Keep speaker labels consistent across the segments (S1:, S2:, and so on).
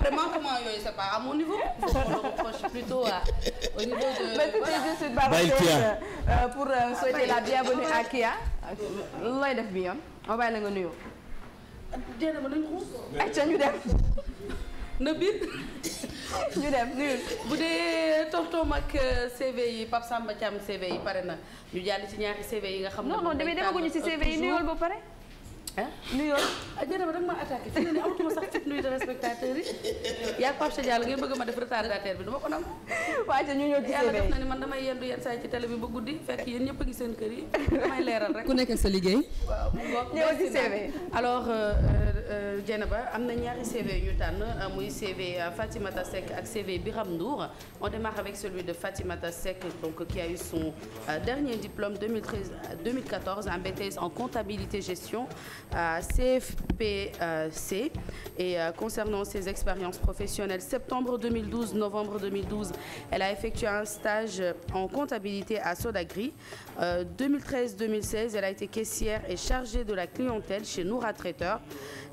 S1: après manquement yooyu c'est pas à mon niveau. donc on le reproche plutôt à, de. Euh, pour euh, souhaiter la bienvenue à Kia. lu lay def bi yoon. ma bàyyi la nga nuyoo. jéem a eh, ñu dem. na biir ñu dem nuyu bu dee tontom ak euh, CV yi Pape Samba Thiam CV yi pare na ñu jàll ci ñaari CV yi nga xam. non non demee demaguñu ci CV yi nuyoo ba pare. nu yoon ah, jërëjëf rek ma attaqué fi ne nii amatuma sax fit nuyu respectateur yi yaa Pape Cheikh Diallo ngeen bëgg ma def retardataire bi du ko nangu. waaye ca ñu ñëw ci yàlla def na ni man damay yendu yenn saa yi ci télé bi ba guddi fekk yéen ñëpp ngi seen kër yi damay leeral rek. ku nekk sa liggéey. waaw Dieynaba euh, am na ñaari CV ñu tànn euh, muy CV euh, Fatimata Seck ak CV Biram Ndour on démarre avec celui de Fatimata Seck donc qui a eu son dernier diplôme 2013 2014 un BTS en comptabilité gestion à CFPC et concernant ses expériences professionnelles septembre 2012 novembre 2012 elle a effectué un stage en comptabilité à Sodagri 2013 2016 elle a été caissière et chargée de la clientèle chez Noura Traiteur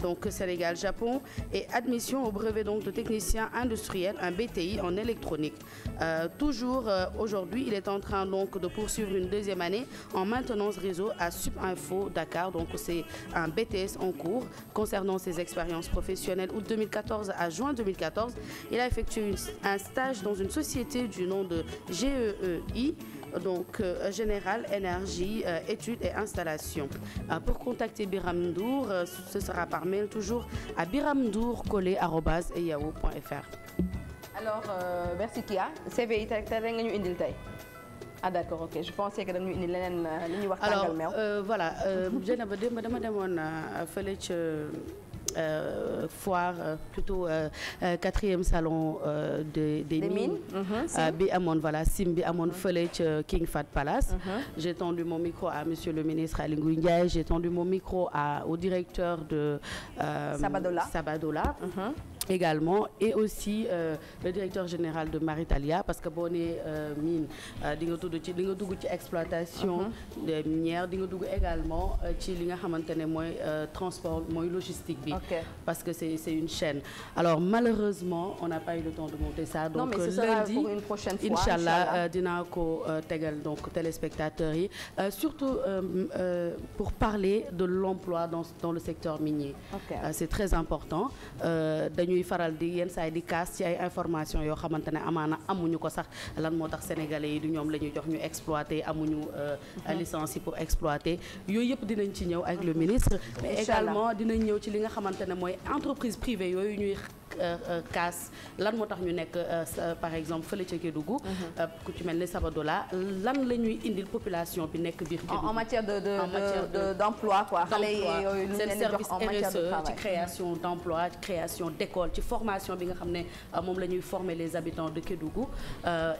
S1: donc Sénégal-Japon et admission au brevet donc de technicien industriel, un BTI en électronique. Euh, toujours euh, aujourd'hui, il est en train donc de poursuivre une deuxième année en maintenance réseau à Subinfo Dakar. Donc c'est un BTS en cours concernant ses expériences professionnelles. Août 2014 à juin 2014, il a effectué une, un stage dans une société du nom de GEEI donc euh, Général Énergie euh, études et installations euh, pour contacter Biram Ndour ce sera par mail toujours à biramndourcollé@yahoo.fr alors euh, merci Kia CV yi tey rek nga ñu indil tey ah d'accord ok je pensais que dañu indi leneen li ñuy wax tàngal meew alors euh, voilà Dieynaba démb dama demoon fële ca Euh, foire euh, plutôt euh, quatrième salon de des mines mhm. bi amoon voilà sim bi amoon mhm. fële ca King Fat Palace mhm. j'ai tendu mon micro à monsieur le ministre Aly Ngouille Ndiaye j'ai tendu mon micro à au directeur de Sabadola Sabadola également et aussi euh, le directeur général de Maritalia parce que boo nee euh, mine euh, di nga tudd ci di nga dugg ci exploitation mhm. des minières di nga dugg également euh, ci li nga xamante ne mooy transport mooy logistique bi okay. parce que c'est c'est une chaîne alors malheureusement on n'a pas eu le temps de monter ça donc non, lundi inchallah dina ko tegal donc téléspectateurs yi surtout euh, pour parler de l'emploi dans dans le secteur minier c'est très important ñuy faral di yenn saay di kaas ci ay information yoo xamante ne amaana amuñu ko sax lan moo tax sénégalais yi du ñoom la ñuy jox ñu exploité amuñu euh, mhm. licence yi pour exploiter yooyu yëpp dinañ ci ñëw ak le ministre mais également dinañ ñëw ci li nga xamante ne mooy entreprise privée yooyu ñuy kaas euh, euh, lan moo tax ñu nekk euh, par exemple fële ca Kédougou mm-hmm. ku ci mel ni Sabadola lan la ñuy indil population bi nekk biir Kédougou en matière de de d'emploi quoi xale yooyu lu leen jox en matière ci création mm-hmm. d'emploi ci création d'école ci formation bi nga xam ne moom la ñuy former les habitants de Kédougou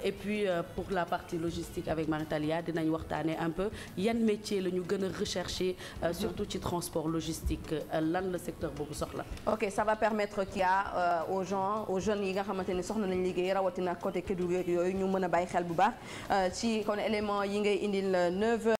S1: et puis pour la partie logistique avec Maritalia dinañ waxtaanee un peu yan métier la ñu gën a rechercher mm-hmm. surtout ci transport logistique lan la secteur boobu soxla ok ça va permettre qu'il Euh, aux gens aux jeunes yi nga xamante ni soxna nañ liggéey rawatina côté Kédougou yooyu ñu mën a bàyyi xel bu baax euh, ci kon élément yi ngay indil 9 euh,